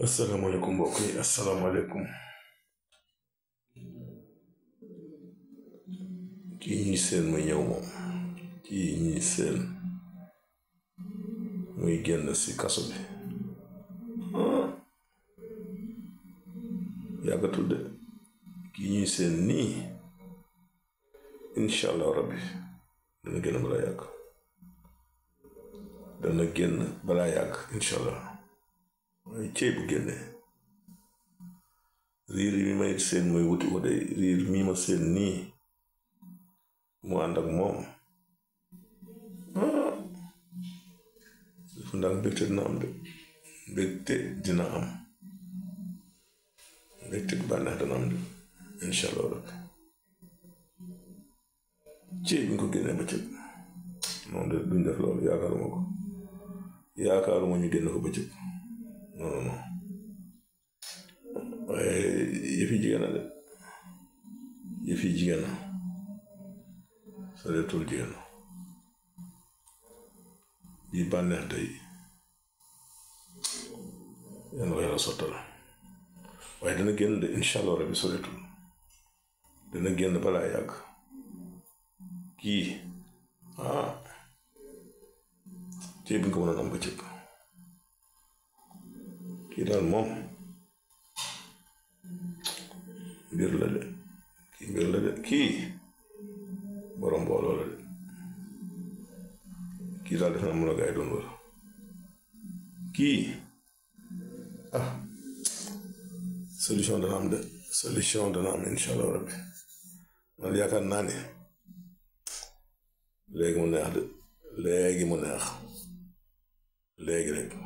السلام عليكم بوكي السلام عليكم كي نسال ما يوم كي نسال ويجن سي كاسو بي يا غتود كي نسال ني ان شاء الله ربي دنا جن بلا ياك دنا جن بلا ياك ان شاء الله ay ceeɓu gelle riir mimay seen moy wuti ko de riir mima seen ni mo ànd ak moom dafa ndaak mbégte dina am de mbégte dina am mbégte bu bànneex dana am de insha allah rek ceeb ñu ko génne bëccëg noonu de duñ def loolu yaakaaruma ko yaakaaruma ñu génn ko bëccëg waaye yëfi jigéen la de yëfi jigéen la sareetul jigéen yi bànneex tey yal na ko waaye dana génn de incha allah rabbi dana génn balaa yàgg kii ah ceeb bi nga ko a am ba kii daal moom mbir la de kii la kii borom mbooloo la de kii daal def naa mun a gaay doon wër kii ah solution dana de solution dana am incha allah rabbi man yaakaar naa ne mu neex de léegi mu neex léegi rek